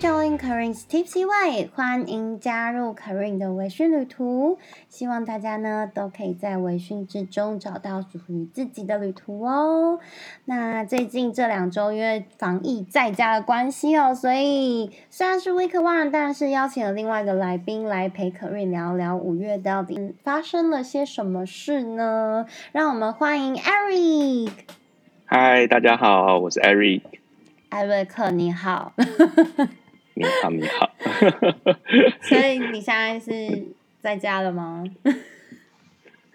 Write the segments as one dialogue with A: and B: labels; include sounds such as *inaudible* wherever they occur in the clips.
A: Join Corine's Tipsy Way，歡迎加入 Corine 的微醺旅途。希望大家呢都可以在微醺之中找到屬於自己的旅途哦。那最近這兩周因為防疫在家的關係哦，所以雖然是 Week One，但是邀請了另外一個來賓來陪 Corine 聊聊五月到底發生了些什麼事呢？讓我們歡迎 Eric。
B: Hi，大家好，我是 Eric。
A: 艾瑞克，你好。 *laughs* 你好，你好。 *laughs* 所以你現在是在家了嗎？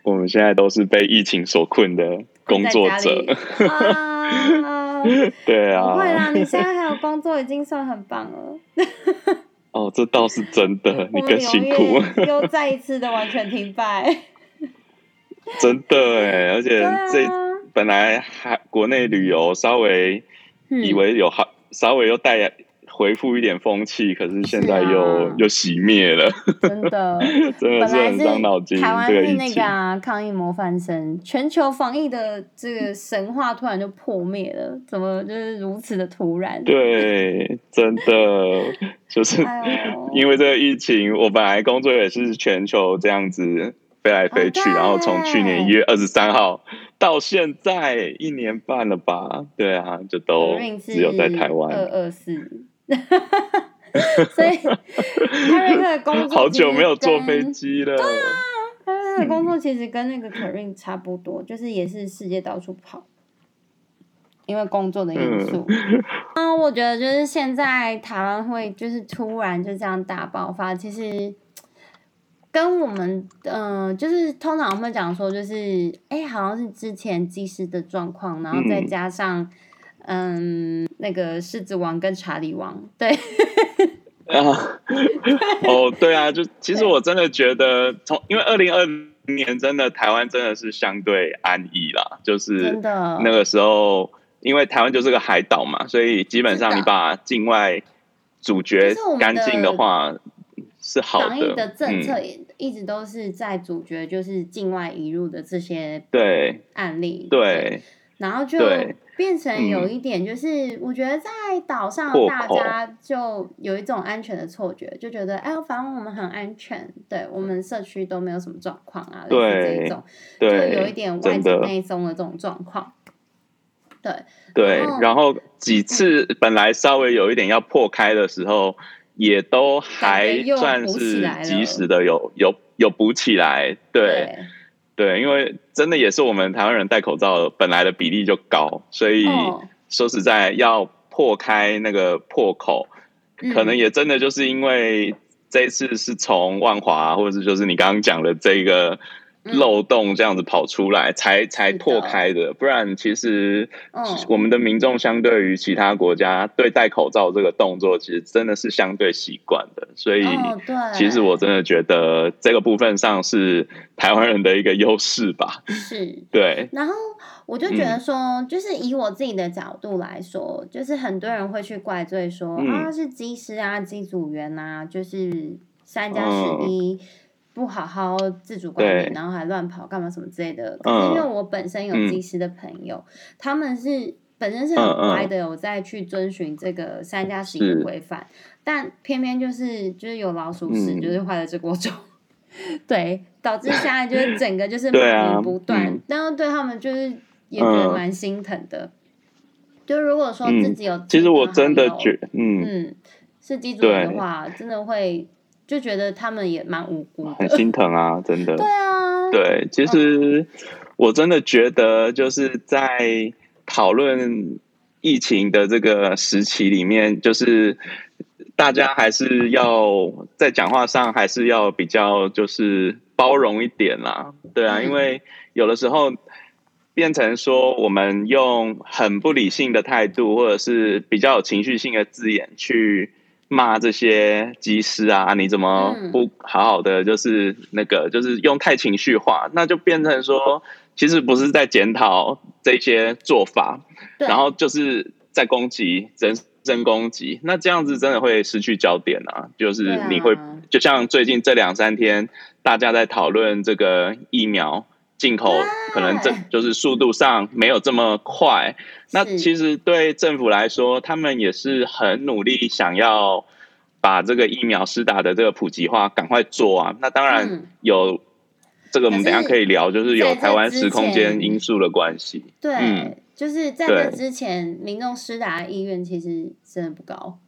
B: 我們現在都是被疫情所困的工作者。Uh, *laughs* 對啊，不會啦，你現
A: 在還有工作已經算很棒了。
B: 哦 *laughs* ，oh, 這倒是真的， *laughs* 你更辛苦，
A: 又再一次的完全停擺。
B: *laughs* 真的哎、欸，而且這、啊、本來還國內旅遊，稍微以為有好，嗯、稍微又帶。恢復一點風氣，可是現在又、啊、又熄滅了。真的， *laughs* 真的是很傷腦筋。台灣是那
A: 個、啊、抗疫模範生，全球防疫的這個神話突然就破滅了，怎麼就是如此的突然？對，
B: 真的 *laughs* 就是、哎、呦因為這個疫情，我本來工作也是全球這樣子飛來飛去，哦、然後從去年一月二十三號到現在一年半了吧？對啊，就都只有在台灣
A: 二二四。 *laughs* *laughs* 所以瑞克 *laughs* 工作，好久沒有坐飛機
B: 了。
A: 對啊，的工作其實跟那個可 a 差不多，嗯、就是也是世界到處跑，因為工作的因素。啊、嗯， *laughs* uh, 我覺得就是現在台灣會就是突然就這樣大爆發，其實跟我們嗯、呃，就是通常會講說，就是哎、欸，好像是之前技師的狀況，然後再加上。嗯嗯，那個獅子王跟查理王，對
B: *laughs* 啊、哦，對啊，就其實我真的覺得，從因為二零二零年真的台灣真的是相對安逸啦，就是那個時候，的因為台灣就是個海島嘛，所以基本上你把境外阻絕乾淨的話是好的。防疫的政策
A: 也一直都是在阻絕就是境外移入的這些對案例對，然後就。對變成有一點，就是我覺得在島上、嗯、大家就有一種安全的錯覺，就覺得哎，反正我們很安全，對我們社區都沒有什麼狀況啊，對，就是這一種，對就有一點外緊內鬆的這種狀況。的對，
B: 對後，然後幾次本來稍微有一點要破開的時候，嗯、也都還算是及時的有有有補起來，對。對對，因為真的也是我們台灣人戴口罩本來的比例就高，所以說實在要破開那個破口，哦嗯、可能也真的就是因為這一次是從萬華，或者就是你剛剛講的這個。漏洞，這樣子跑出來才才破開的，的不然其實我們的民眾相對於其他國家對戴口罩這個動作，其實真的是相對習慣的，所以其實我真的覺得這個部分上是台灣人的一個優勢吧。是，對。
A: 然後我就覺得說，嗯、就是以我自己的角度來說，就是很多人會去怪罪說、嗯、啊是機師啊機組員啊，就是三加十一。11, 嗯不好好自主管理，然後還亂跑幹嘛什麼之類的。可是因為我本身有機師的朋友，他們是本身是很乖的，我再去遵循這個三加十一的規範，但偏偏就是就是有老鼠屎，就是壞了這鍋粥。對，導致下來就是整個就是罵名不斷。但是對他們就是也會蠻心疼的。就如果說自己有，
B: 其實我真的覺，嗯
A: 嗯，是機主的話，真的會。就覺得他們也蠻無辜，很心
B: 疼啊！真的， *laughs* 對啊，對，其實我真的覺得，就是在討論疫情的這個時期裡面，就是大家還是要在講話上還是要比較就是包容一點啦，啊。對啊，因為有的時候變成說我們用很不理性的態度，或者是比較有情緒性的字眼去。罵這些機師啊，你怎麼不好好的？就是那個，就是用太情緒化，那就變成說，其實不是在檢討這些做法，然後就是在攻擊，真真攻擊。那這樣子真的會失去焦點啊！就是你會，啊、就像最近這兩三天，大家在討論這個疫苗，進口可能這就是速度上沒有這麼快。那其實對政府來說，他們也是很努力想要把這個疫苗施打的這個普及化趕快做啊。那當然有這個，我們等下可以聊，就是有台灣時空間因素的關係，嗯。
A: 對，就是在這之前，民眾施打的意願其實真的不高。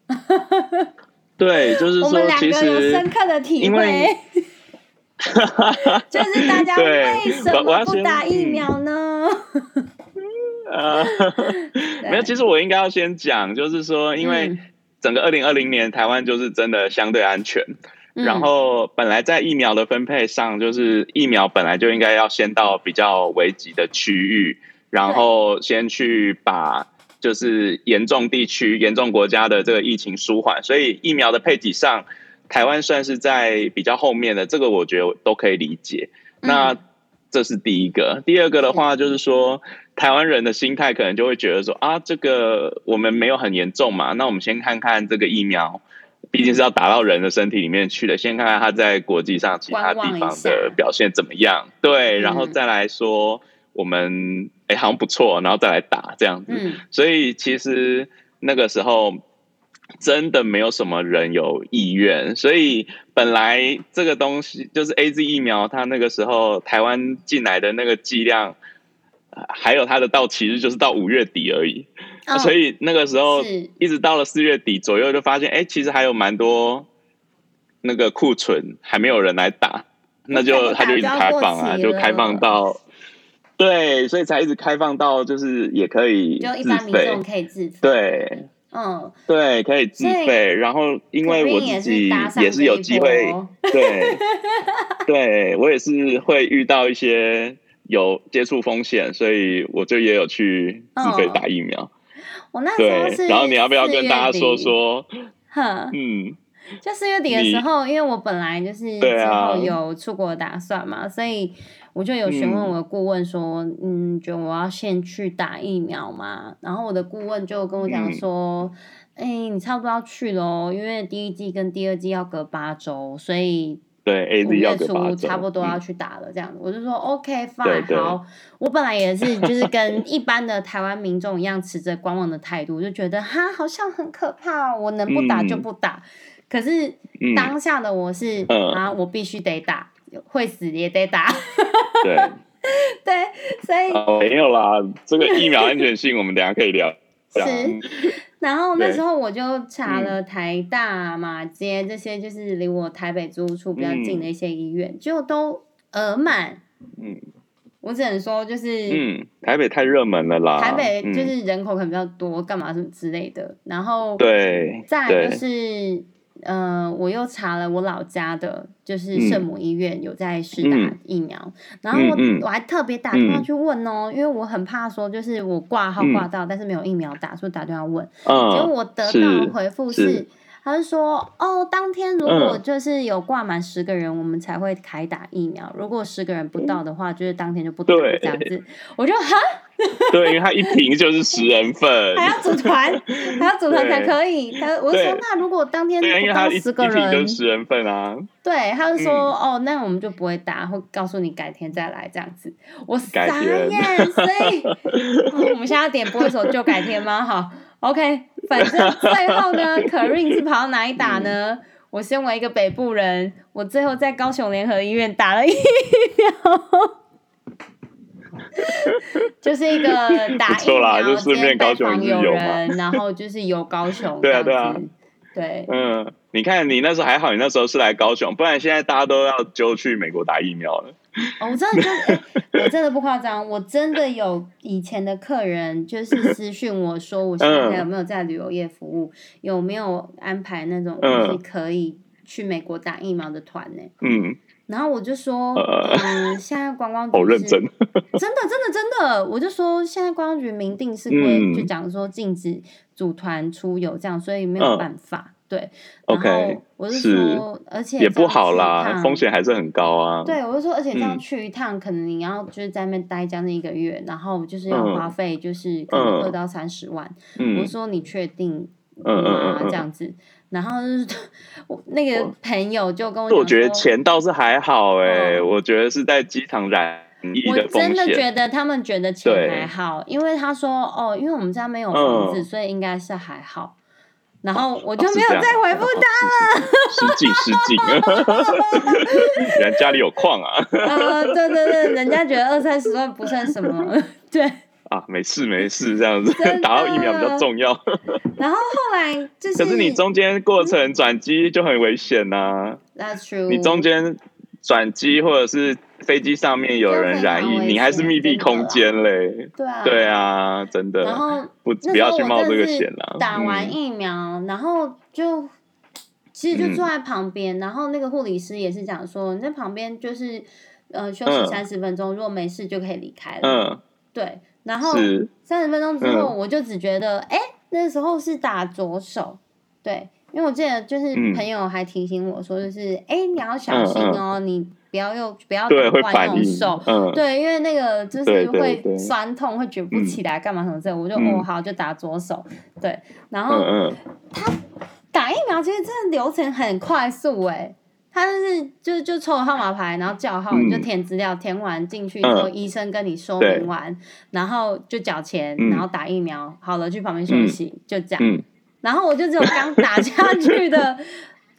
B: 對，就是說其實有深刻的體會。
A: *laughs* 就是大家為什麼不打疫苗呢？
B: 沒有，其實我應該要先講，就是說，因為整個二零二零年台灣就是真的相對安全，嗯、然後本來在疫苗的分配上，就是疫苗本來就應該要先到比較危急的區域，然後先去把就是嚴重地區、嚴重國家的這個疫情舒緩，所以疫苗的配給上，台灣算是在比較後面的，這個我覺得我都可以理解。嗯、那這是第一個，第二個的話就是說，是台灣人的心態可能就會覺得說啊，這個我們沒有很嚴重嘛，那我們先看看這個疫苗，畢竟是要打到人的身體裡面去的，先看看它在國際上其他地方的表現怎麼樣。對，然後再來說、嗯、我們哎、欸、好像不錯，然後再來打這樣子。嗯、所以其實那個時候。真的沒有什麼人有意願，所以本來這個東西就是 AZ 疫苗，它那個時候台灣進來的那個劑量，還有它的到期日就是到五月底而已。哦、所以那個時候是一直到了四月底左右，就發現哎，其實還有蠻多那個庫存還沒有人來打，敢那就他就一直開放啊，了就開放到對，所以才一直開放到就是也可以，就一般民眾可以自費。對。嗯，對，可以自費，以然後因為我自己也是，也是有機會，對，
C: *laughs*
B: 對，我也是會遇到一些有接觸風險，所以我就也有去自費打疫苗。
A: 對，然後你要不要跟大家說說？嗯。就四月底的時候，你因為我本來就是之後有出國的打算嘛，啊、所以我就有詢問我的顧問說，嗯，就、嗯、我要先去打疫苗嘛。然後我的顧問就跟我講說，哎、嗯欸，你差不多要去嘍，因為第一劑跟第二劑要隔八週，所以
B: 對，五月初差不
A: 多要去打了這樣子。對我就說、嗯、OK fine，對對對好。我本來也是就是跟一般的台灣民眾一樣，持着觀望的態度， *laughs* 就覺得哈好像很可怕、哦，我能不打就不打。嗯可是當下的我是啊，我必須得打，會死也得打。對對，所以沒有
B: 啦。這個疫苗安全性，我們等下可以聊。是，
A: 然後那時候我就查了台大、馬偕這些，就是離我台北住處比較近的一些醫院，結果都額滿。我只能說就是，嗯，
B: 台北太熱門了啦。台北就是
A: 人口可能比較多，幹嘛什麼之類的。然後對，再就是。呃，我又查了我老家的，就是聖母醫院有在施打疫苗，嗯、然後我、嗯嗯、我還特別打電話去問哦，嗯、因為我很怕說就是我掛號掛到，嗯、但是沒有疫苗打，所以打電話問，哦、結果我得到的回復是。是是他就說，哦，當天如果就是有掛滿十個人，嗯、我們才會開打疫苗。如果十個人不到的話，嗯、就是當天就不打這樣子。對我就哈。
B: *laughs* 對，因為他一瓶就是十人份，還要組
A: 團，還要組團才可以。對他我就說，那如果當天不到十個人。他一瓶就是十
B: 人份啊。
A: 對，他就說，嗯、哦，那我們就不會打，會告訴你改天再來這樣子。我傻眼，改天。所以我們現在點播一首就改天嗎？好，OK。反正最後呢 *laughs* Corine 是跑到哪裡打呢？我身為一個北部人，我最後在高雄聯合醫院打了疫苗， *laughs* 就是一個打疫苗。就是面高雄有，有人， *laughs* 然後就是有高雄。對啊，
B: 對啊，對啊，對。嗯，你看你那時候還好，你那時候是來高雄，不然現在大家都要就去美國打疫苗了。
A: 我、哦、真的就、欸、我真的不誇張， *laughs* 我真的有以前的客人就是私訊我說，我現在有沒有在旅遊業服務嗯、有沒有安排那種就是可以去美國打疫苗的團呢？欸？嗯，然後我就說，嗯，嗯現在觀光局是，好認真，真的真的真的，我就說現在觀光局明定是會就講說禁止組團出遊這樣，所以沒有辦法。嗯嗯對
B: ，OK，我是說，而且也不好啦，風險還是很高啊。對，
A: 我就說，而且這樣去一趟，可能你要就是在那邊待將近一個月，然後就是要花費就是可能二到三十萬。我說你確定嗯，這樣子，然後就是我那個朋友就跟我說，我覺得
B: 錢倒是還好誒，我覺得是在機場染疫的風險。我真的覺
A: 得他們覺得錢還好，因為他說哦，因為我們家沒有房子，所以應該是還好。然後我就沒有再回復他了，哦
B: 哦、是是失敬失敬，人家 *laughs* 家裡有礦啊、呃，對對對，人
A: 家覺得二三十萬不算什麼，對
B: 啊，沒事沒事這樣子，的打到疫苗比較重要。
A: 然後後來
B: 就是，可是你中間過程轉機就很危險吶、
A: 啊、出你中
B: 間轉機或者是。飛機上面有人染疫，你還是密閉空間嘞？對啊，對啊，真的，然後不不要去冒這個險啦。
A: 打完疫苗，然後就其實就坐在旁邊，然後那個護理師也是講說，你在旁邊就是呃休息三十分鐘，如果沒事就可以離開了。嗯，對，然後三十分鐘之後，我就只覺得，哎，那時候是打左手，對，因為我記得就是朋友還提醒我說，就是哎你要小心哦，你。不要又不要換右手，對，因為那個就是會酸痛，會舉不起來，幹嘛什麼之類，我就哦好，就打左手。對，然後
C: 他
A: 打疫苗，其實真的流程很快速，哎，他就是就就抽號碼牌，然後叫號，你就填資料，填完進去，之後醫生跟你說明完，然後就繳錢，然後打疫苗，好了，去旁邊休息，就這樣。然後我就只有剛打下去的，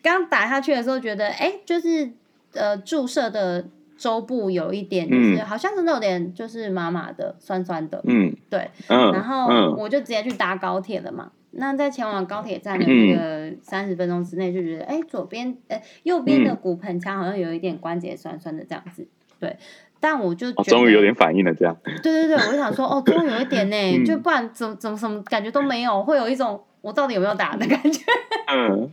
A: 剛打下去的時候覺得，哎，就是。呃，注射的週部有一點，就是、嗯、好像真的有點，就是麻麻的、酸酸的。嗯，對。嗯、然後我就直接去搭高鐵了嘛。嗯、那在前往高鐵站的那個三十分鐘之內，就覺得哎、嗯，左邊、哎右邊的骨盆腔好像有一點關節酸酸的這樣子。嗯、對。但我就、哦、終於有
B: 點反應了，這樣。
A: 對對對，我就想說，哦，終於有一點呢，嗯、就不然怎麼怎麼什麼感覺都沒有，會有一種我到底有沒有打的感覺。嗯。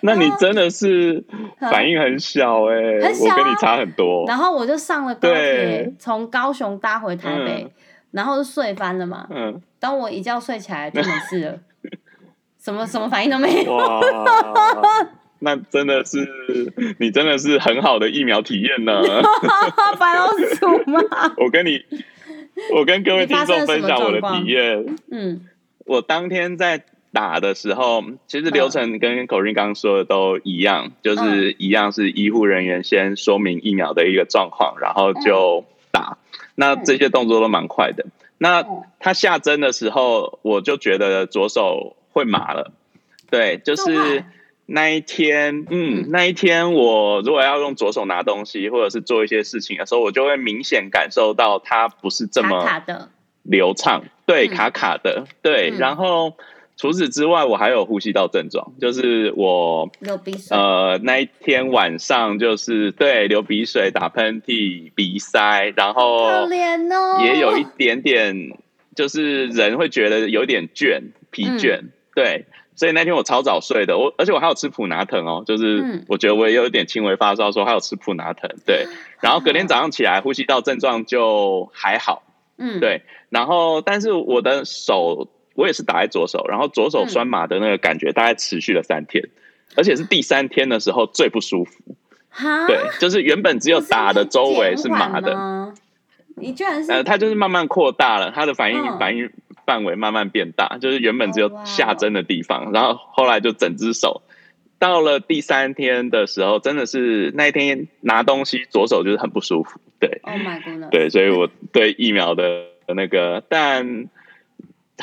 B: 那你真的是反應很小哎，我跟你差很多。然
A: 後我就上了高鐵，從高雄搭回台北，然後就睡翻了嘛。嗯，當我一覺睡起來，就沒事了，什麼什麼反應都沒有。
B: 哇，那真的是你真的是很好的疫苗體驗呢。
A: 白老鼠嗎？
B: 我跟你，我跟各位聽眾分享我的體驗。嗯，我當天在。打的時候，其實流程跟 Corine 剛說的都一樣，嗯、就是一樣是醫護人員先說明疫苗的一個狀況，嗯、然後就打。嗯、那這些動作都蠻快的。那他下針的時候，我就覺得左手會麻了。嗯、對，就是那一天，啊、嗯，那一天我如果要用左手拿東西或者是做一些事情的時候，我就會明顯感受到他不是這麼流暢，卡卡的，對，卡卡的，嗯、對，然後。除此之外，我還有呼吸道症狀，就是我
C: 流鼻水。呃，
B: 那一天晚上就是對流鼻水、打噴嚏、鼻塞，然後可憐哦，也有一點點，就是人會覺得有點倦、疲倦。嗯、對，所以那天我超早睡的，我而且我還有吃普拿疼哦，就是我覺得我也有一點輕微發燒，說還有吃普拿疼。對，然後隔天早上起來，啊、呼吸道症狀就還好。嗯，對，然後但是我的手。我也是打在左手，然後左手酸麻的那個感覺、嗯、大概持續了三天，而且是第三天的時候最不舒服。
A: 蛤對，
B: 就是原本只有打的周圍是麻的，
A: 你居然
B: 是。呃，它就是慢慢擴大了，它的反應、嗯、反應範圍慢慢變大，嗯、就是原本只有下針的地方，oh, wow. 然後後來就整隻手。到了第三天的時候，真的是那一天拿東西左手就是很不舒服。對、oh、my goodness, 對，所以我對疫苗的那個但。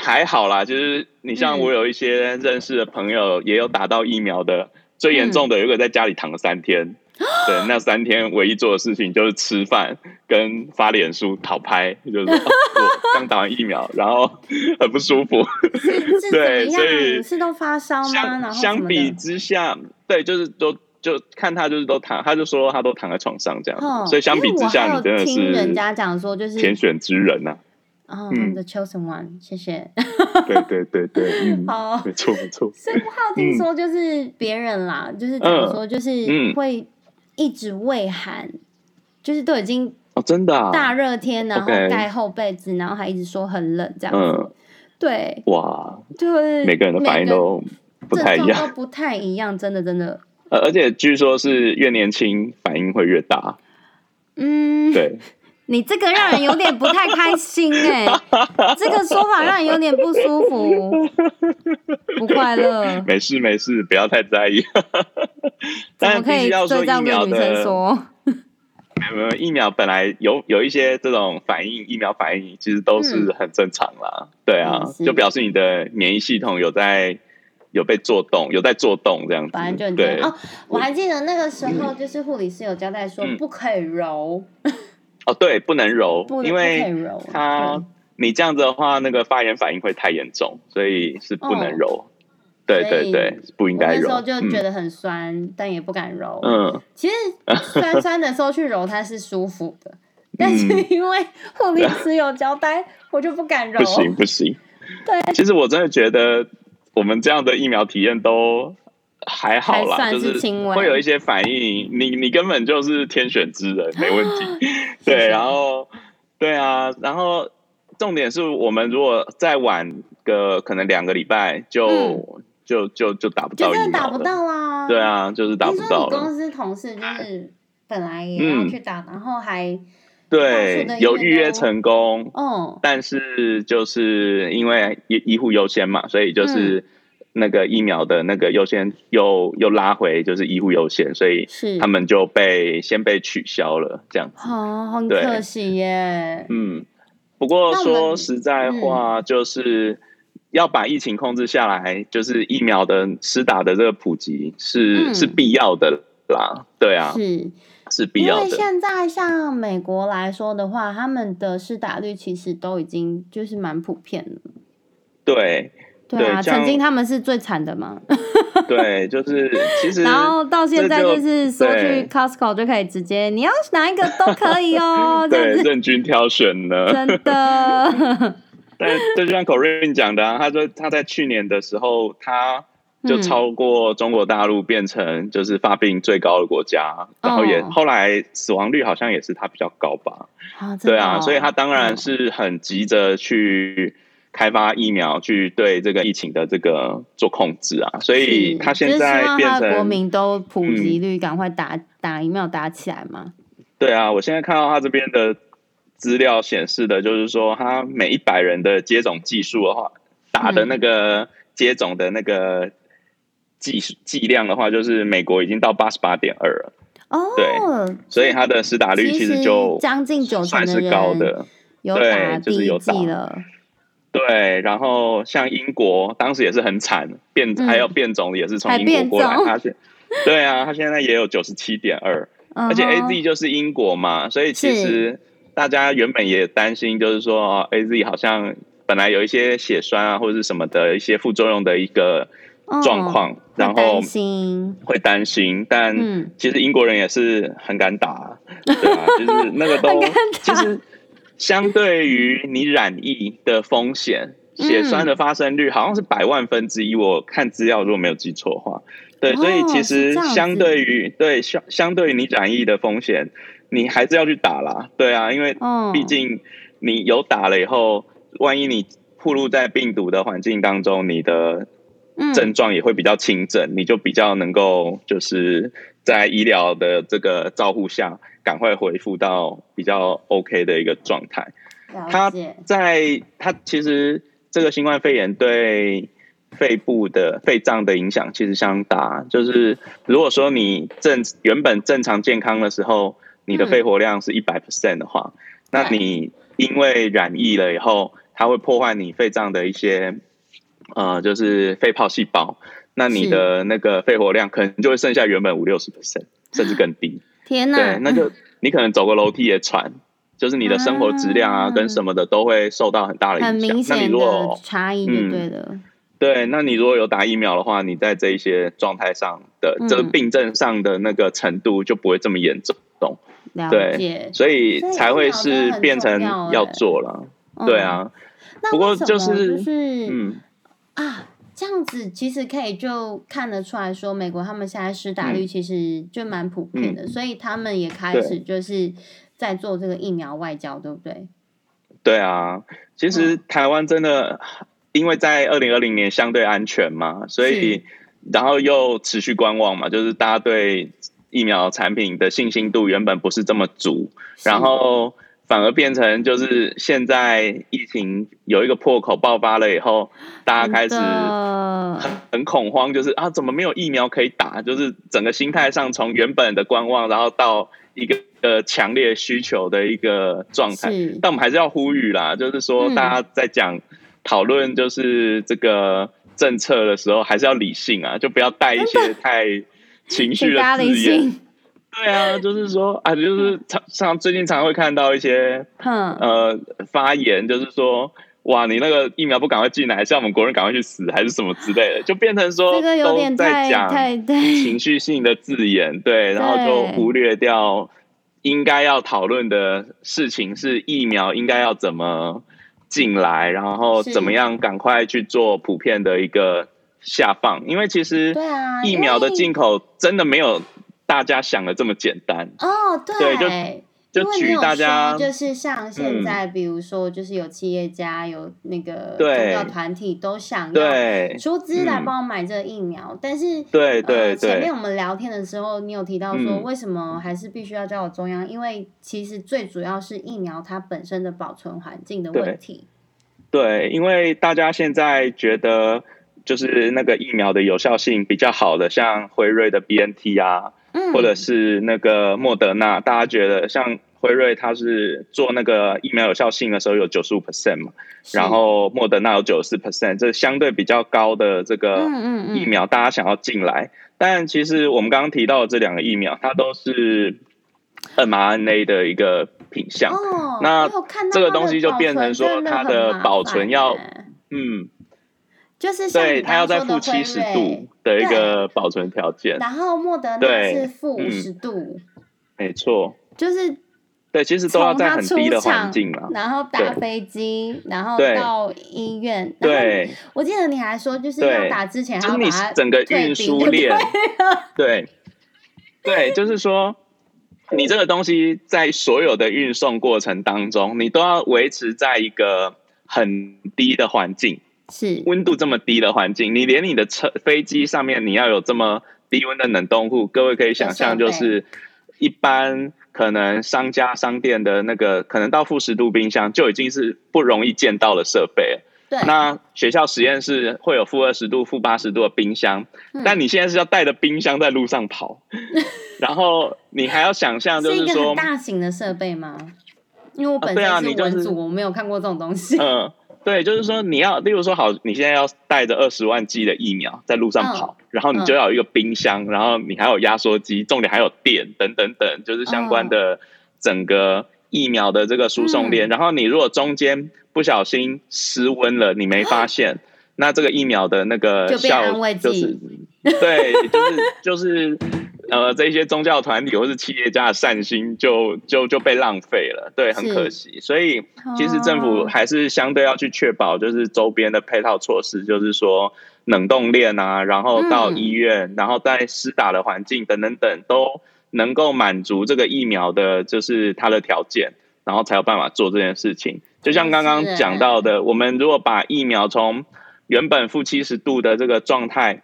B: 還好啦，就是你像我有一些認識的朋友，也有打到疫苗的，嗯、最嚴重的有個在家裡躺了三天，嗯、對，那三天唯一做的事情就是吃飯跟發臉書討拍， *laughs* 就是剛打完疫苗，然後很不舒服， *laughs* 對，所以每次
A: 都發燒嗎？相
B: 比之下，對，就是都就看他就是都躺，他就說他都躺在床上這樣，哦、所以相比之下，你真的是聽人家講說就是天選之人吶、啊。
A: 啊，The chosen one，謝謝。對對對對，好，沒
B: 錯沒錯。所以
A: 不好聽說，就是別人啦，就是怎麼說，就是會一直畏寒，就是都已經
B: 哦，真的大
A: 熱天，然後蓋厚被子，然後還一直說很冷這樣。對，
B: 哇，
A: 對，每個人的反應都
B: 不太一樣，
A: 不太一樣，真的真的。
B: 呃，而且據說是越年輕反應會越大。嗯，
A: 對。你這個讓人有點不太開心哎、欸， *laughs* 這個說法讓人有點不舒服，不快樂。
B: 沒事沒事，不要太在意。但必須要說女生的，生說疫苗本來有有一些這種反應，疫苗反應其實都是很正常啦。嗯、對啊，嗯、就表示你的免疫系統有在有被做動，有在做動這樣子。反正，就
A: 正對、嗯、哦，我還記得那個時候就是護理師有交代說、嗯、不可以揉。嗯
B: 哦，對，不能揉，因為它你這樣子的話，那個發炎反應會太嚴重，所以是不能揉。對對對，是不應該揉。我那
A: 時候就覺得很酸，但也不敢揉。嗯，其實酸酸的時候去揉它是舒服的，但是因為護理師有交代，我就不敢揉。不行不
B: 行，對，其實我真的覺得我們這樣的疫苗體驗都。還好啦，還算是輕微，就是會有一些反應。你你根本就是天選之人，啊、沒問題。 *laughs* 對，謝謝。然後對啊，然後重點是我們如果再晚個可能兩個禮拜就、嗯就，就就就就打不到了，真的打不到啊！對啊，就是打不到了。聽說你
A: 公司同事就是本來也要去打，唉然後還
B: 對有預約成功，嗯、哦，但是就是因為醫醫護優先嘛，所以就是。嗯那個疫苗的那個優先又又拉回，就是醫護優先，所以他們就被是先被取消了，這樣子啊，
A: 好、哦、很可惜耶。嗯，
B: 不過說實在話，就是要把疫情控制下來，就是疫苗的施打的這個普及是、嗯、是必要的啦，對啊，是是必要的。現
A: 在像美國來說的話，他們的施打率其實都已經就是蠻普遍了，
B: 對。對啊，曾經他
A: 們是最慘的嘛。
B: *laughs* 對，就是其實，然後到現在就是就說去
A: Costco 就可以直接，你要哪一個都可以哦，就是、對，
B: 任君挑選的。真
A: 的。
B: *laughs* 但這就像 Corinne 講的、啊，他說他在去年的時候，他就超過中國大陸，變成就是發病最高的國家，嗯、然後也、哦、後來死亡率好像也是他比較高吧。啊哦、對啊，所以他當然是很急着去。開發疫苗去對這個疫情的這個做控制啊，是所以他現在變成國民
A: 都普及率趕、嗯、快打打疫苗打起來嗎。
B: 對啊，我現在看到他這邊的資料顯示的，就是說他每一百人的接種技術的話，打的那個接種的那個技術劑、嗯、量的話，就是美國已經到八十八點二了。哦，對，所以他的施打率其實就將
A: 近九成的人有打。
B: 對，就是有打的對，然後像英國當時也是很慘，變還有變種也是從英國過來，嗯、他現對啊，他現在也有九十七點二，而且 A Z 就是英國嘛，所以其實大家原本也擔心，就是說是 A Z 好像本來有一些血栓啊或者是什麼的一些副作用的一個狀況，哦、然後會擔心，嗯、會擔心，但其實英國人也是很敢打，嗯、對啊，就是那個都 *laughs* 慘其實。相對於你染疫的風險，血栓的發生率好像是百萬分之一。我看資料，如果沒有記錯的話，對，所以其實相對於對相相對於你染疫的風險，你還是要去打啦。對啊，因為畢竟你有打了以後，萬一你暴露在病毒的環境當中，你的症狀也會比較輕症，你就比較能夠就是在醫療的這個照護下。趕快恢復到比較 OK 的一個狀態。了解。他在他其實這個新冠肺炎對肺部的肺臟的影響其實相當大。就是如果說你正原本正常健康的時候，你的肺活量是一百 percent 的話，那你因為染疫了以後，它會破壞你肺臟的一些呃，就是肺泡細胞。那你的那個肺活量可能就會剩下原本五六十 percent，甚至更低。是嗯天哪對，那就你可能走個樓梯也喘，嗯、就是你的生活質量啊，跟什麼的都會受到很大的影響。嗯、很明顯的，那你如果差異對對，那你如果有打疫苗的話，你在這一些狀態上的這個、嗯、病症上的那個程度就不會這麼嚴重，嗯、了解、對，所以才會是變成要做了，對、嗯就是嗯、啊。不過就是嗯
A: 這樣子其實可以就看得出來說，美國他們現在施打率其實就蠻普遍的，嗯嗯、所以他們也開始就是在做這個疫苗外交，對,對不對？
B: 對啊，其實台灣真的、嗯、因為在二零二零年相對安全嘛，所以是然後又持續觀望嘛，就是大家對疫苗產品的信心度原本不是這麼足，然後。反而變成就是現在疫情有一個破口爆發了以後，大家開始很恐慌，就是啊，怎麼沒有疫苗可以打？就是整個心態上從原本的觀望，然後到一個呃強烈需求的一個狀態。但我們還是要呼籲啦，就是說大家在講討論就是這個政策的時候，還是要理性啊，就不要帶一些太情緒的字眼。對啊，就是說啊，就是常常最近常會看到一些、嗯、呃發言，就是說，哇，你那個疫苗不趕快進來，讓我們國人趕快去死，還是什麼之類的，就變成說都在講情緒性的字眼，對，對，然後就忽略掉應該要討論的事情是疫苗應該要怎麼進來，然後怎麼樣趕快去做普遍的一個下放，是因為其實疫苗的進口真的沒有。大家想的這麼簡單
A: 哦，oh, 對,對，
B: 就舉大家就是
A: 像現在，嗯、比如說就是有企業家有那個宗教團體都想要出資來幫我買這個疫苗，嗯、但是對
B: 對對，前面我
A: 們聊天的時候你有提到說為什麼還是必須要交給中央，嗯、因為其實最主要是疫苗它本身的保存環境的問題對。
B: 對，因為大家現在覺得就是那個疫苗的有效性比較好的，像輝瑞的 BNT 啊。或者是那個莫德納，嗯、大家覺得像輝瑞，它是做那個疫苗有效性的時候有九十五 percent 嘛。是然後莫德納有九十四 percent，這是相對比較高的這個疫苗，嗯嗯、大家想要進來。但其實我們剛剛提到的這兩個疫苗，它都是 mRNA 的一個品項，哦、那這個東西就變成說它的保存的要嗯。
A: 就是像你剛剛說的輝瑞，對，他要在負70度的一個
B: 保存條件，對，然
A: 後莫德納是負五十度，嗯、
B: 沒錯，就是對，其實都要在很低的環境嘛，然後搭飛
A: 機，對然後到醫院，對，對我記得你還說就是要打之前要把，就你整個運輸鏈，
B: *laughs* *laughs* 對，對， *laughs* 就是說你這個東西在所有的運送過程當中，你都要維持在一個很低的環境。是溫度這麼低的環境，你連你的車、飛機上面你要有這麼低溫的冷凍庫，各位可以想象，就是一般可能商家商店的那個，可能到負十度冰箱就已經是不容易見到的設備。對。那學校實驗室會有負二十度、負八十度的冰箱，嗯、但你現在是要帶着冰箱在路上跑， *laughs* 然後你還要想象，就是說是大
A: 型的設備嗎？因為我本身是文組，啊對啊、你就是、我沒有看過這種東西。嗯。
B: 對，就是說，你要，例如說，好，你現在要帶着二十萬劑的疫苗在路上跑，哦、然後你就要有一個冰箱，哦、然後你還有壓縮機，重點還有電等等等，就是相關的整個疫苗的這個輸送鏈。哦嗯、然後你如果中間不小心失溫了，你沒發現，哦、那這個疫苗的那個效就被安慰劑、就是、對，就是就是。 *laughs* 呃，這些宗教團體或是企業家的善心就就就被浪費了，對，很可惜。是所以其實政府還是相對要去確保，就是周邊的配套措施，就是說冷凍鏈啊，然後到醫院，嗯、然後在施打的環境等等等，都能夠滿足這個疫苗的，就是它的條件，然後才有辦法做這件事情。就像剛剛講到的，是我們如果把疫苗從原本負七十度的這個狀態，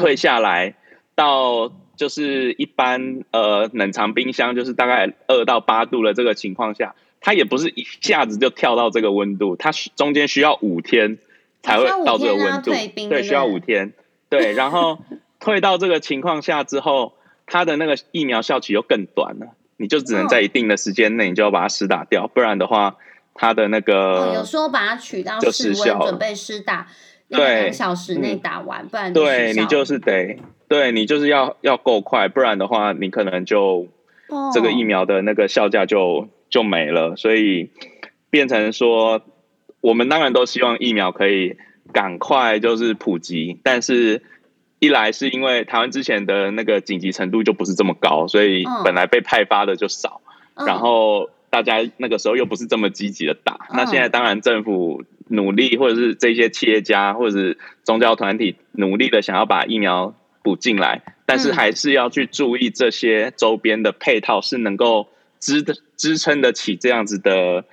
B: 退下來到。就是一般呃冷藏冰箱就是大概二到八度的這個情況下，它也不是一下子就跳到這個溫度，它中間需要五天才會到這個溫度，啊、對，對需要五天。 *laughs* 對，然後退到這個情況下之後，它的那個疫苗效期又更短了，你就只能在一定的時間內，你就要把它施打掉，不然的話，它的那個、哦、有時
A: 候把它取到就失效，準備施打、
B: 那個、兩小
A: 時內打完，對不然、嗯、對你就
B: 是得。對你就是要要夠快，不然的話你可能就這個疫苗的那個效價就、oh. 就沒了，所以變成說我們當然都希望疫苗可以趕快就是普及，但是一來是因為台灣之前的那個緊急程度就不是這麼高，所以本來被派發的就少，oh. 然後大家那個時候又不是這麼積極的打，oh. 那現在當然政府努力或者是這些企業家或者是宗教團體努力的想要把疫苗。補進來，但是還是要去注意這些周邊的配套是能夠支支撐得起這樣子的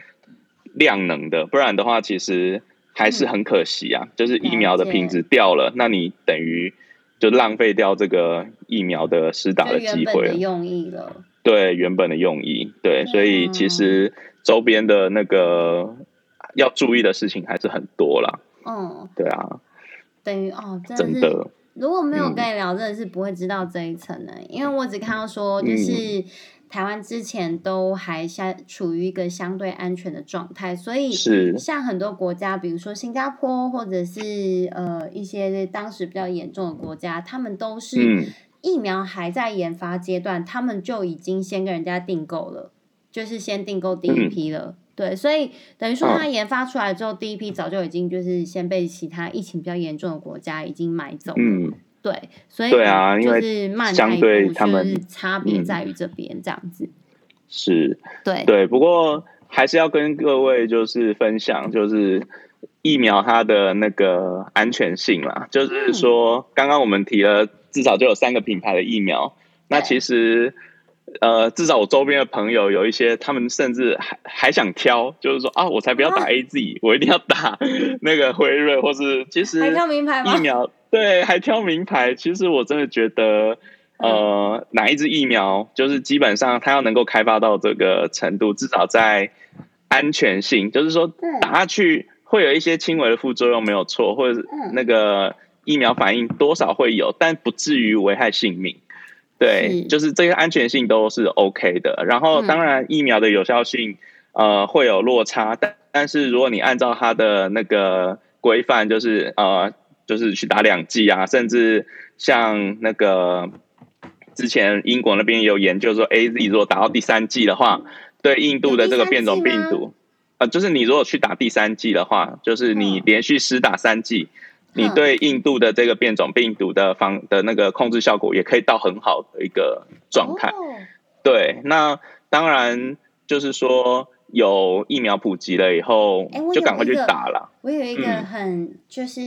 B: 量能的，不然的話其實還是很可惜啊。嗯、就是疫苗的品質掉了，了解，那你等於就浪費掉這個疫苗的施打的機會了。
A: 用意了，
B: 對，原本的用意，對，對啊、所以其實周邊的那個要注意的事情還是很多了。嗯、哦，對啊，等
A: 於哦，真的。如果沒有跟你聊，嗯、真的是不會知道這一層的、欸。因為我只看到說，就是台灣之前都還相處於一個相對安全的狀態，所以像很多國家，是比如說新加坡或者是呃一些當時比較嚴重的國家，他們都是疫苗還在研發階段，嗯、他們就已經先跟人家訂購了，就是先訂購第一批了。嗯對，所以等於說它研發出來之後，第一批早就已經就是先被其他疫情比較嚴重的國家已經買走了。嗯，對，所以對啊，因為是慢，相對他們差別在於這邊這樣子。
B: 是，對對,對。不過還是要跟各位就是分享，就是疫苗它的那個安全性啦，嗯、就是說剛剛我們提了，至少就有三個品牌的疫苗，對，那其實。呃，至少我周邊的朋友有一些，他們甚至還還想挑，就是說啊，我才不要打 AZ，啊，我一定要打那個輝瑞，或是其實疫苗，
A: 還挑名
B: 牌嗎？對，還挑名牌。其實我真的覺得，呃，哪一支疫苗，就是基本上它要能夠開發到這個程度，至少在安全性，就是說打下去會有一些輕微的副作用沒有錯，或者是那個疫苗反應多少會有，但不至於危害性命。對，就是這個安全性都是 OK 的。然後，當然疫苗的有效性呃，會有落差，但但是如果你按照它的那個規範，就是呃就是去打兩劑啊，甚至像那個之前英國那邊也有研究說，AZ 如果打到第三劑的話，對印度的這個變種病毒呃，就是你如果去打第三劑的話，就是你連續施打三劑。哦嗯你對印度的這個變種病毒的防的那個控制效果也可以到很好的一個狀態。哦，對。那當然就是說有疫苗普及了以後，就趕快去打了。欸。
A: 我有一個很就是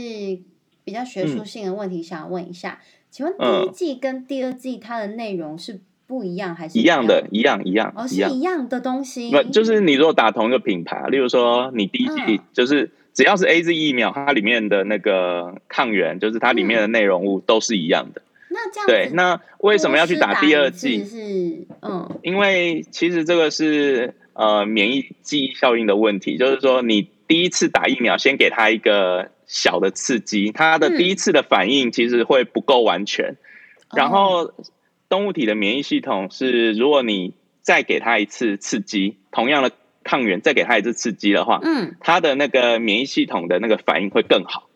A: 比較學術性的問題想要問一下，嗯、請問第一劑跟第二劑它的內容是不一樣還是一樣？一樣的，
B: 一樣一樣。哦，是一
A: 樣的東西。
B: 就是你如果打同一個品牌，例如說你第一劑就是。嗯只要是 AZ 疫苗，它裡面的那個抗原，就是它裡面的內容物都是一樣的。
A: 嗯、那這樣，對，那
B: 為什麼要去打第二劑？嗯就
A: 是。
B: 嗯，因為其實這個是呃免疫記憶效應的問題，就是說你第一次打疫苗，先給它一個小的刺激，它的第一次的反應其實會不夠完全。嗯、然後動物體的免疫系統是，如果你再給它一次刺激，同樣的。抗原再給他一次刺激的話，嗯，他的那個免疫系統的那個反應會更好。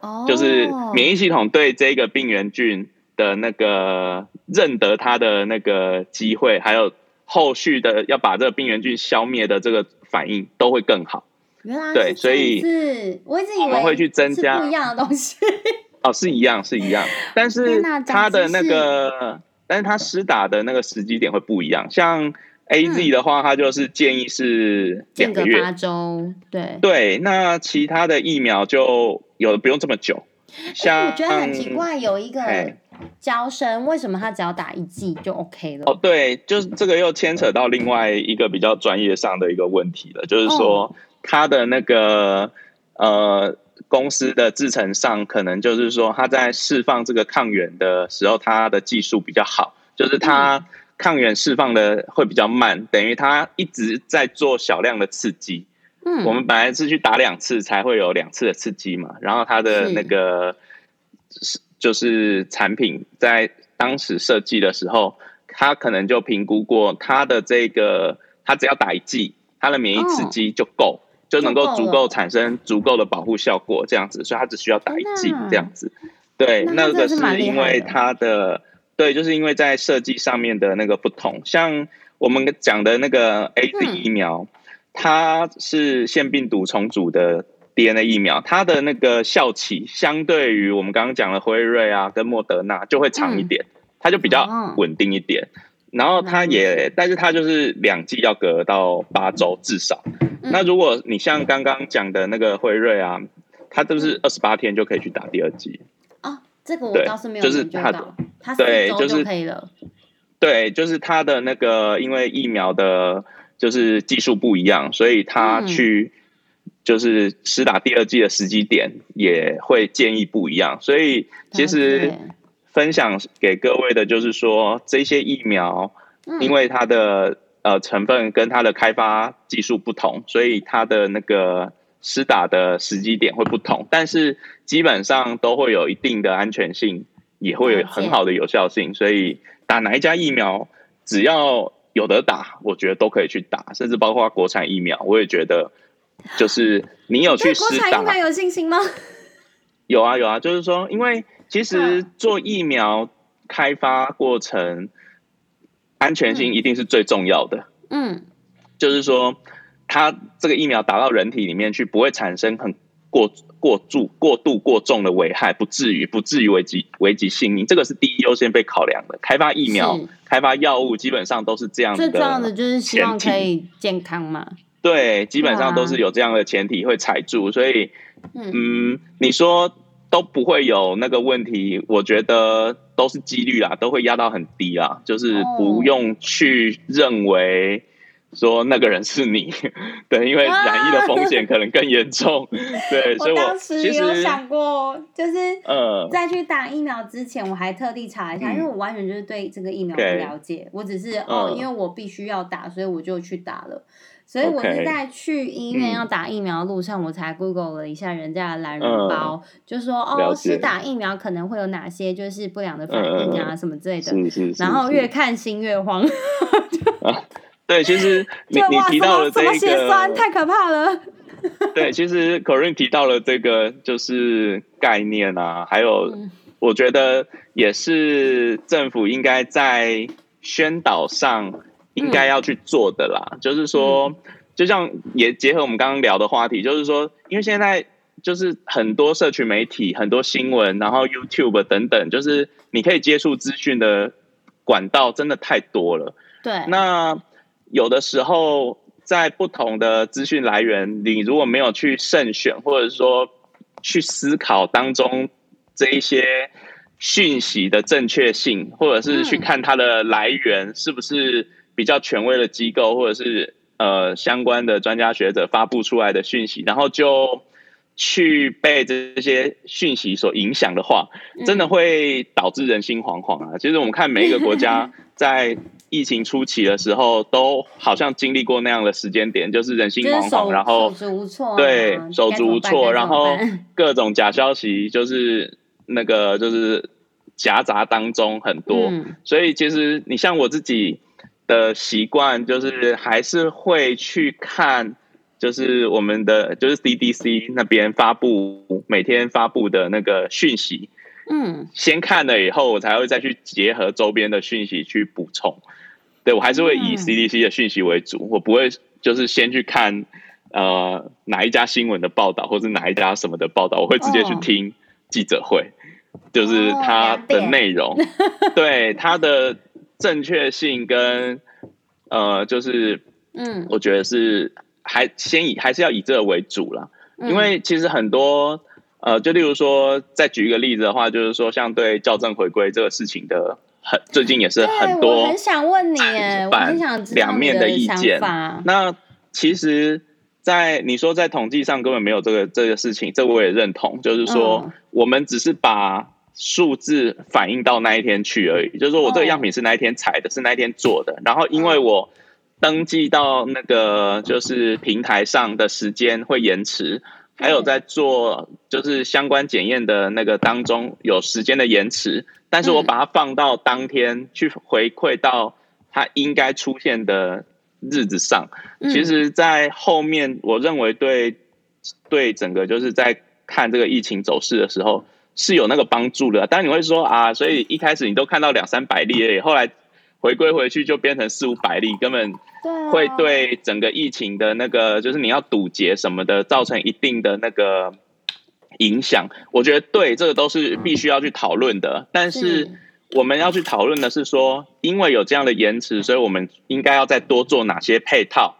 C: 哦，就是免疫系
B: 統對這個病原菌的那個認得他的那個機會，還有後續的要把這個病原菌消滅的這個反應都會更好。原
A: 來，對，所以是我，我一直以為會去增加不一樣的東西。
B: 哦，是一樣是一樣， *laughs*
A: 但是他的那個，
B: 但是他施打的那個時機點會不一樣，像。A Z 的話，它就是建議是兩個月八
A: 周，對
B: 對。那其他的疫苗就有的不用這麼久。我覺得很奇怪，
A: 有一個嬌生，為什麼他只要打一劑就 OK 了？
B: 哦，對，就是這個又牽扯到另外一個比較專業上的一個問題了，就是說他的那個呃公司的製程上，可能就是說他在釋放這個抗原的時候，他的技術比較好，就是他。抗原釋放的會比較慢，等於它一直在做小量的刺激。嗯，我們本來是去打兩次才會有兩次的刺激嘛。然後它的那個是就是產品在當時設計的時候，它是可能就評估過它的這個，它只要打一劑，它的免疫刺激就夠，哦、就能夠足夠產生足夠的保護效果，這樣子，所以它只需要打一劑這樣子。對，那個是因為它的。對，就是因為在設計上面的那個不同，像我們講的那個 AZ 疫苗，嗯、它是腺病毒重組的 DNA 疫苗，它的那個效期相對於我們剛剛講的輝瑞啊跟莫德納就會長一點，嗯、它就比較穩定一點。嗯、然後它也，嗯、但是它就是兩劑要隔到八周至少。嗯、那如果你像剛剛講的那個輝瑞啊，它都是二十八天就可以去打第二劑。
A: 啊、哦，這個我倒是沒有感覺到。他對，就是就
B: 對，就是他的那個，因為疫苗的，就是技術不一樣，所以他去就是施打第二劑的時機點也會建議不一樣。所以其實分享給各位的就是說，這些疫苗因為它的呃成分跟它的開發技術不同，所以它的那個施打的時機點會不同，但是基本上都會有一定的安全性。也會有很好的有效性，所以打哪一家疫苗，只要有得打，我覺得都可以去打，甚至包括國產疫苗，我也覺得就是你有去打國產疫苗有信心嗎？有啊有啊，就是說，因為其實做疫苗開發過程對 安全性一定是最重要的。
C: 嗯，
B: 就是說，它這個疫苗打到人體裡面去，不會產生很過。過重、過度、過重的危害，不至於不至於危及危及性命，這個是第一優先被考量的。開發疫苗、是開發藥物，基本上都是這樣的。是這樣的，
A: 就是希望可以健康嘛。
B: 對，基本上都是有這樣的前提會，會踩住。所以，嗯，嗯，你說都不會有那個問題，我覺得都是幾率啊，都會壓到很低啊，就是不用去認為。說那個人是你，對，因為染疫的風險可能更嚴重，對，所以我其實有想
A: 過，就是呃，在去打疫苗之前，我還特地查一下，因為我完全就是對這個疫苗不了解，我只是哦，因為我必須要打，所以我就去打了，
B: 所以我是在
A: 去醫院要打疫苗的路上，我才 Google 了一下人家的懶人包，就說哦，是打疫苗可能會有哪些就是不良的反應啊什麼之類的，然後越看心越慌。
B: *laughs* 對，其實你你提到了這個，太
A: 可怕了。
B: *laughs* 對，其實 Corine 提到了這個，就是概念啊，嗯、還有我覺得也是政府應該在宣導上應該要去做的啦。嗯、就是說，就像也結合我們剛剛聊的話題，嗯、就是說，因為現在就是很多社群媒體、很多新聞，然後 YouTube 等等，就是你可以接觸資訊的管道真的太多了。對，那。有的時候，在不同的資訊來源，你如果沒有去慎選，或者說去思考當中這一些訊息的正確性，或者是去看它的來源是不是比較權威的機構，或者是呃相關的專家學者發布出來的訊息，然後就去被這些訊息所影響的話，真的會導致人心惶惶啊！其實我們看每一個國家在。 *laughs* 疫情初期的時候，都好像經歷過那樣的時間點，就是人心惶惶，然後手
A: 足無措，對，啊、手足無措，然後
B: 各種假消息就是那個就是夾雜當中很多，嗯、所以其實你像我自己的習慣，就是還是會去看，就是我們的就是 CDC 那邊發布每天發布的那個訊息，嗯，先看了以後，我才會再去結合周邊的訊息去補充。對，我還是會以 CDC 的訊息為主，嗯、我不會就是先去看呃哪一家新聞的報道，或是哪一家什麼的報道，我會直接去聽記者會，哦、就是它的內容，哦、 *laughs* 對它的正確性跟呃，就是嗯，我覺得是還先以還是要以這個為主啦，嗯、因為其實很多呃，就例如說再舉一個例子的話，就是說像對校正回歸這個事情的。很最近也是很多，我很
A: 想問你，我很想兩面的意見。啊、那
B: 其實，在你說在統計上根本沒有這個這個事情，這我也認同。就是說，嗯、我們只是把數字反映到那一天去而已。就是說我這個樣品是那一天採的，是那一天做的。然後，因為我登記到那個就是平台上的時間會延遲，還有在做就是相關檢驗的那個當中有時間的延遲。但是我把它放到當天去回饋到它應該出現的日子上，其實在後面我認為對對整個就是在看這個疫情走勢的時候是有那個幫助的。但你會說啊，所以一開始你都看到兩三百例而已，後來回歸回去就變成四五百例，根本會對整個疫情的那個就是你要堵截什麼的造成一定的那個。影響，我覺得對，這個都是必須要去討論的。但是我們要去討論的是說，因為有這樣的延遲，所以我們應該要再多做哪些配套，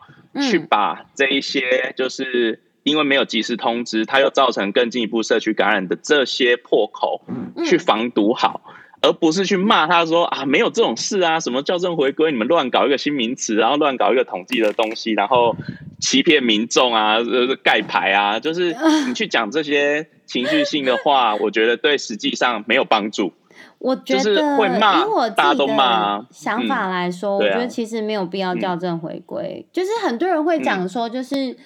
B: 去把這一些就是因為沒有及時通知，它又造成更進一步社區感染的這些破口去防堵好。而不是去罵他說啊，沒有這種事啊，什麼校正回歸，你們亂搞一個新名詞，然後亂搞一個統計的東西，然後欺騙民眾啊，蓋、就是、牌啊，就是你去講這些情緒性的話， *laughs* 我覺得對實際上沒有幫助。
A: 我覺得，會罵，大家都罵啊。以我自己的想法來說，嗯啊、我覺得其實沒有必要校正回歸。嗯、就是很多人會講說，就是。嗯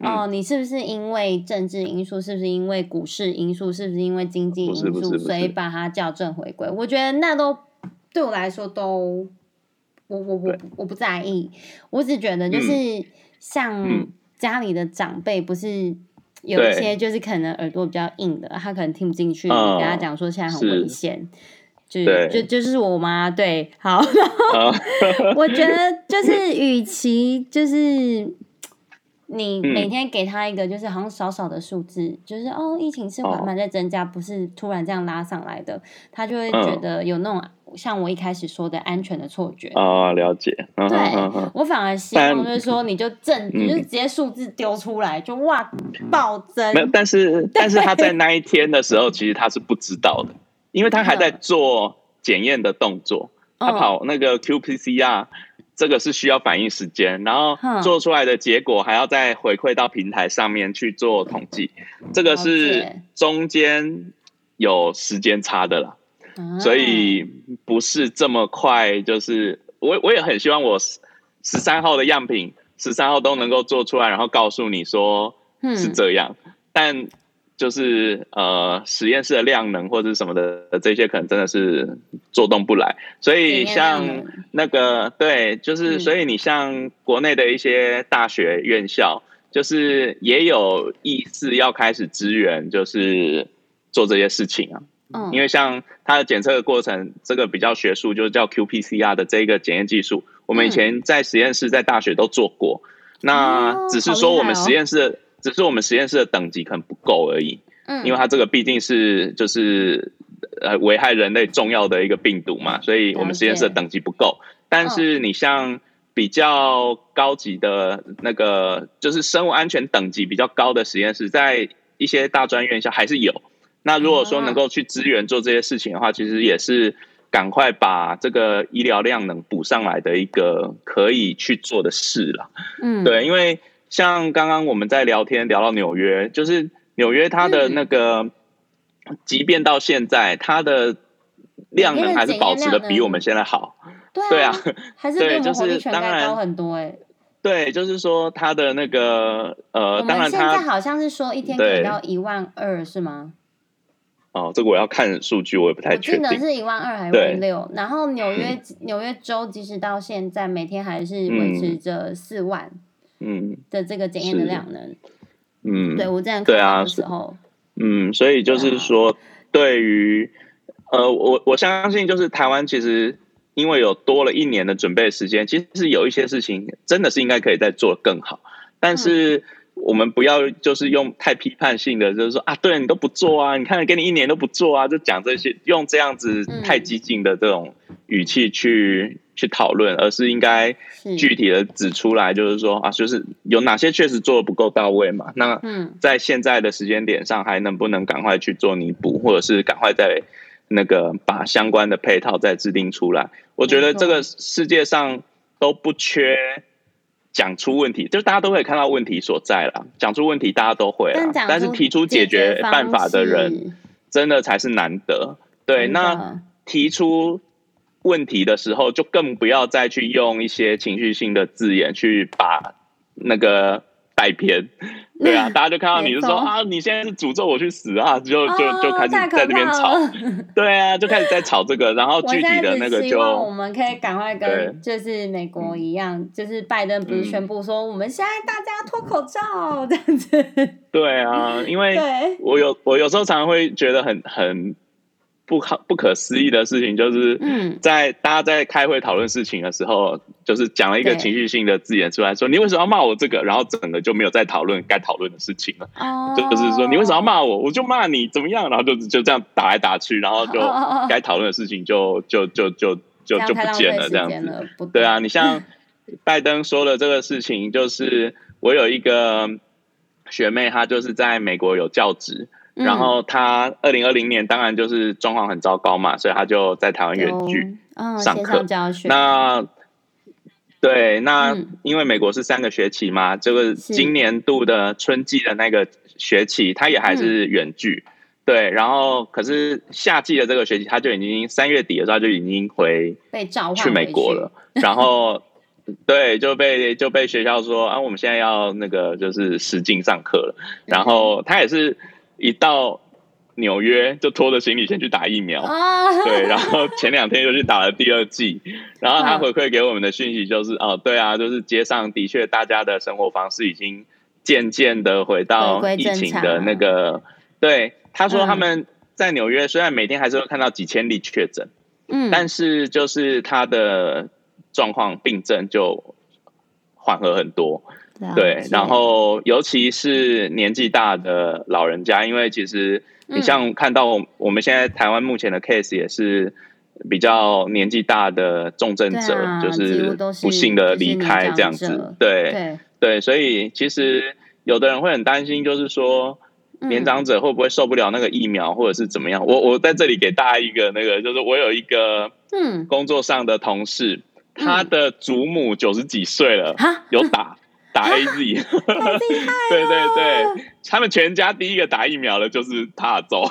A: 哦，你是不是因為政治因素？是不是因為股市因素？是不是因為經濟因素？所以把它校正回歸？我覺得那都對我來說都，我我我我，我不，我不在意。我只覺得就是、嗯、像家裡的長輩，不是有一些就是可能耳朵比較硬的，對他可能聽不進去、嗯、你跟他講說現在很危險，是就對就就是我媽對好。 *laughs* 好 *laughs* 我覺得就是與其就是。你每天給他一個，就是好像少少的數字，嗯、就是哦，疫情是緩慢在增加，哦、不是突然這樣拉上來的，他就會覺得有那種像我一開始說的安全的錯覺。哦，
B: 了解。哦、對，哦哦、我
A: 反而希望就是說，你就正，但你就直接數字丟出來，嗯、就哇，暴增。沒有，
B: 但是對但是他在那一天的時候，其實他是不知道的，因為他還在做檢驗的動作，嗯、他跑那個 QPCR。這個是需要反應時間，然後做出來的結果還要再回饋到平台上面去做統計，這個是中間有時間差的啦，所以不是這麼快。就是我我也很希望我十三號的樣品十三號都能夠做出來，然後告訴你說是這樣，嗯、但。就是呃實驗室的量能或者什麼的這些，可能真的是做動不來。所以像那個對，就是所以你像國內的一些大學院校，就是也有意思要開始支援，就是做這些事情啊。因為像它的檢測的過程，這個比較學術，就是叫 QPCR 的這個檢驗技術，我們以前在實驗室在大學都做過。那只是說我們實驗室。只是我們實驗室的等級可能不夠而已，嗯，因為它這個畢竟是就是呃危害人類重要的一個病毒嘛，所以我們實驗室的等級不夠。但是你像比較高級的那個，就是生物安全等級比較高的實驗室，在一些大專院校還是有。那如果說能夠去支援做這些事情的話，其實也是趕快把這個醫療量能補上來的一個可以去做的事了。嗯，對，因為。像剛剛我們在聊天，聊到紐約，就是紐約它的那個，嗯、即便到現在，它的量呢還是保持的比我們現在好，嗯、對啊，還、就是量能很多哎。對，就是說它的那個呃，當然它現在
A: 好像是說一天給到一萬二對是嗎？
B: 哦，這個我要看數據，我也不太確定的是
A: 一萬二還是六對。然後紐約紐、嗯、約州即使到現在，每天還是維持着四萬。嗯嗯的這個檢驗的量能嗯，對我這樣的
B: 對啊時候，嗯，所以就是說對，對於、啊、呃，我我相信就是台灣其實因為有多了一年的準備時間，其實是有一些事情真的是應該可以再做更好，但是我們不要就是用太批判性的，就是說、嗯、啊，對你都不做啊，你看給你一年都不做啊，就講這些用這樣子太激進的這種語氣去，嗯去討論，而是應該具體的指出來，就是說是啊，就是有哪些確實做的不夠到位嘛？那嗯，在現在的時間點上，還能不能趕快去做彌補，或者是趕快再那個把相關的配套再制定出來？我覺得這個世界上都不缺講出問題，沒錯。就是大家都可以看到問題所在了。講出問題大家都會啊，但，但是提出解決辦法的人真的才是難得。對，真的。那提出。問題的時候，就更不要再去用一些情緒性的字眼去把那個帶偏，對啊，嗯、大家就看到你就說懂啊，你現在是詛咒我去死啊，就就、哦、就開始在這邊吵，對啊，就開始在吵這個，然後具體的那個就我，我
A: 們可以趕快跟就是美國一樣，對就是拜登不是宣布說我們現在大家脫口罩這樣子，
B: 對啊，因為我有我有時候常常會覺得很很。不可不可思議的事情，就是嗯，在大家在開會討論事情的時候，就是講了一個情緒性的字眼出來，說你為什麼要罵我這個，然後整個就沒有再討論該討論的事情了。就是說你為什麼要罵我，我就罵你怎麼樣，然後就就這樣打來打去，然後就該討論的事情就就就就就就就不見了，這樣子。對啊，你像拜登說的這個事情，就是我有一個學妹，她就是在美國有教職。嗯、然後他二零二零年當然就是狀況很糟糕嘛，所以他就在台灣遠距上課、哦、教學、那對，那因為美國是三個學期嘛，這個、嗯、今年度的春季的那個學期，是他也還是遠距。嗯、對，然後可是夏季的這個學期，他就已經三月底的時候就已經回去美國了。 *laughs* 然後對，就被就被學校說啊，我們現在要那個就是使勁上課了。然後他也是。嗯一到紐約就拖着行李先去打疫苗，oh. 對，然後前兩天又去打了第二劑，然後他回饋給我們的訊息就是，Wow. 哦，對啊，就是街上的確大家的生活方式已經漸漸的回到疫情的那個，對，他說他們在紐約雖然每天還是會看到幾千例確診，嗯，但是就是他的狀況病症就緩和很多。了解對，然後尤其是年紀大的老人家，因為其實你像看到我們現在台灣目前的 case 也是比較年紀大的重症者，嗯啊、是就是不幸的離開這樣子。對對，對，所以其實有的人會很擔心，就是說年長者會不會受不了那個疫苗或者是怎麼樣？嗯、我我在這裡給大家一個那個，就是我有一個嗯工作上的同事，嗯、他的祖母九十幾歲了，嗯、有打。嗯打 A Z，厲害，對對對，他們全家第一個打疫苗的，就是他走、哦、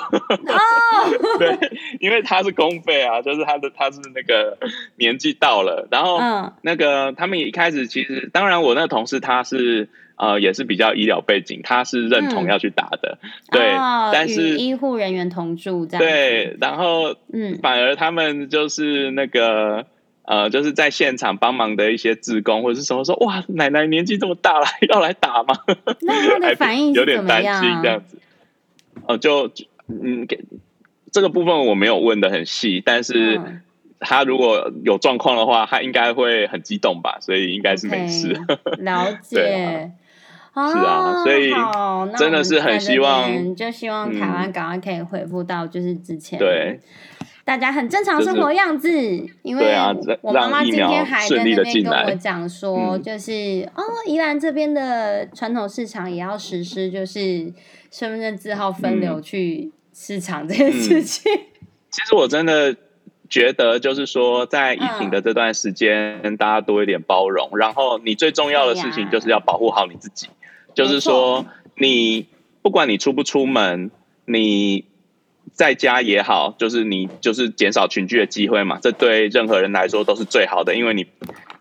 B: *laughs* 對，因為他是公費啊，就是他的他是那個年紀到了，然後那個他們一開始其實，當然我那個同事他是呃也是比較醫療背景，他是認同要去打的，嗯、對，哦、但是醫
A: 護人員同住這樣，
B: 對，然後嗯，反而他們就是那個。嗯呃，就是在現場幫忙的一些志工或者是什麼說，哇，奶奶年紀這麼大了，要來打嗎？那
C: 他的反應 *laughs* 有點擔心這樣
B: 子。呃，就嗯，給這個部分我沒有問的很細，但是他如果有狀況的話，他應該會很激動吧，所以應該是沒事。Okay,
A: 了解。 *laughs* 啊哦、是啊，所以真的是很希望，就希望台灣趕快可以恢復到就是之前、嗯、對。大家很正常生活樣子，就是、因為我媽媽今天還在那邊順利的進來跟我講說，就是、嗯、哦，宜蘭這邊的傳統市場也要實施，就是身份證字號分流去市場這件事情。嗯
B: 嗯、其實我真的覺得，就是說在疫情的這段時間，大家多一點包容。嗯、然後你最重要的事情，就是要保護好你自己。沒錯。就是說，你不管你出不出門，你。在家也好，就是你就是減少群聚的機會嘛，這對任何人來說都是最好的，因為你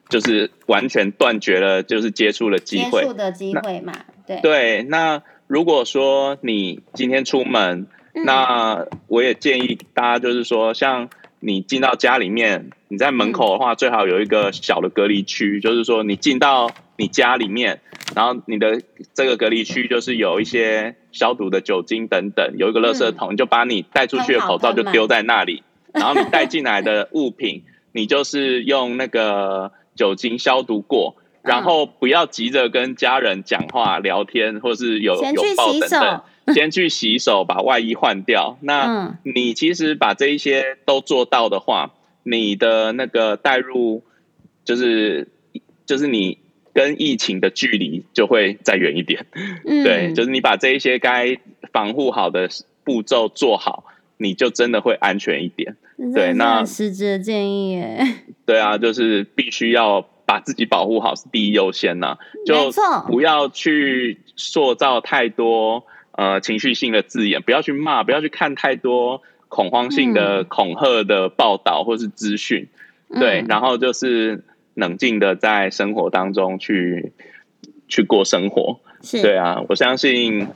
B: 就是完全斷絕了就是接觸的機會。接
A: 觸的機會嘛，對。
B: 對，那如果說你今天出門，嗯、那我也建議大家就是說，像你進到家裡面，你在門口的話，嗯、最好有一個小的隔離區，就是說你進到你家裡面，然後你的這個隔離區就是有一些。消毒的酒精等等，有一個垃圾桶，嗯、就把你帶出去的口罩就丟在那裡，然後你帶進來的物品， *laughs* 你就是用那個酒精消毒過，嗯、然後不要急着跟家人講話、聊天或者是有擁抱等等，先去洗手，先去洗手把外衣換掉。嗯、那你其實把這一些都做到的話，你的那個帶入就是就是你。跟疫情的距離就會再遠一點，嗯、對，就是你把這一些該防護好的步驟做好，你就真的會安全一點。
A: 對，那實質的建議，
B: 對啊，就是必須要把自己保護好是第一優先吶、啊，沒錯 就不要去塑造太多呃情緒性的字眼，不要去罵，不要去看太多恐慌性的、嗯、恐嚇的報道或是資訊，嗯、對，然後就是。冷靜的在生活當中去去過生活。是對啊，我相信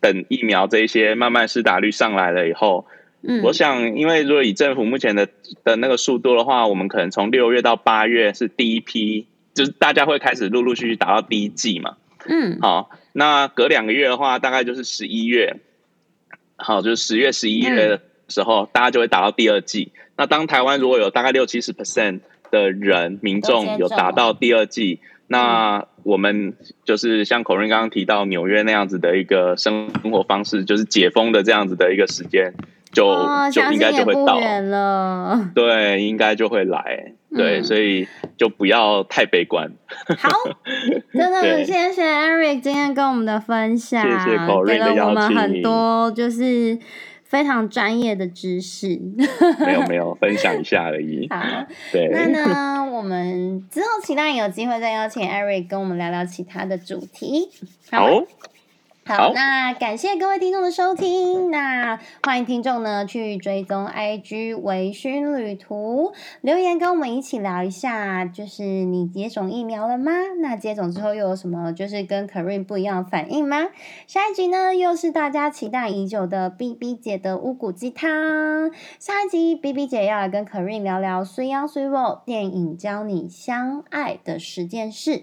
B: 等疫苗這一些慢慢施打率上來了以後，嗯、我想因為如果以政府目前的的那個速度的話，我們可能從六月到八月是第一批，就是大家會開始陸陸續續打到第一劑嘛，嗯，好，那隔兩個月的話，大概就是十一月，好，就是十月十一月的時候，嗯、大家就會打到第二劑。那當台灣如果有大概六七十 percent。的人、民眾有達到第二劑，那我們就是像 Corine 剛剛提到紐約那樣子的一個生活方式，就是解封的這樣子的一個時間，就、哦、就應該就會到。遠
A: 了。
B: 對，應該就會來。嗯、對，所以就不要太悲觀。
A: 嗯、 *laughs* 好，真的很對謝謝 Eric 今天跟我們的分享，謝謝 Corine 的邀請，給了我們很多就是。非常專業的知識，
B: 沒有沒有， *laughs* 分享一下而已。 *laughs* 好，啊、對，那呢，
A: *laughs* 我們之後期待有機會再邀請艾瑞跟我們聊聊其他的主題，好。Oh. 好，好，那感謝各位聽眾的收聽。那歡迎聽眾呢去追蹤 IG 微醺旅途，留言跟我們一起聊一下，就是你接種疫苗了嗎？那接種之後又有什麼？就是跟 Corine 不一樣反應嗎？下一集呢，又是大家期待已久的 BB 姐的烏骨雞湯。下一集 BB 姐要來跟 Corine 聊聊水呀水某，電影教你相愛的十件事。